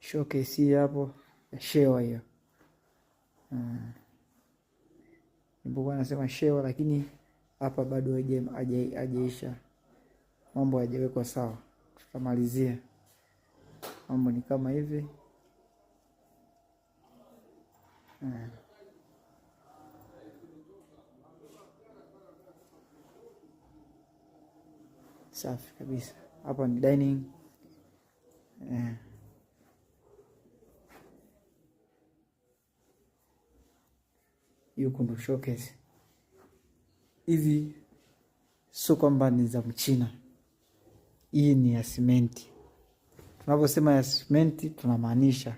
showcase hapo shewa hiyo hmm. anasema shewa, lakini hapa bado ajeisha mambo hajawekwa sawa. Tutamalizia mambo ni kama hivi hmm. Safi kabisa, hapa ni dining yeah. Hmm. hiyo kundu showcase hizi, sio kwamba ni za Mchina, hii ni ya simenti. Tunaposema ya simenti tunamaanisha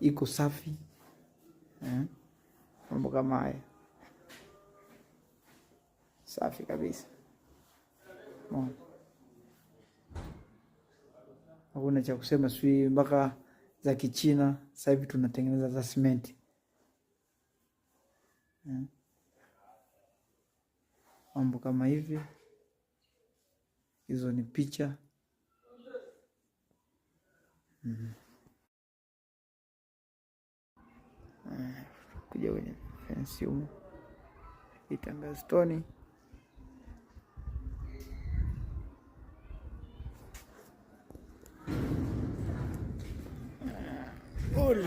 iko safi, eh, mambo kama haya safi kabisa, hakuna cha kusema. Sijui mpaka za Kichina sasa hivi tunatengeneza za simenti. Eh. mambo kama hivi. Hizo ni picha mm. Kuja kwenye fensi itanga stoni eh. Ol.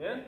Eh?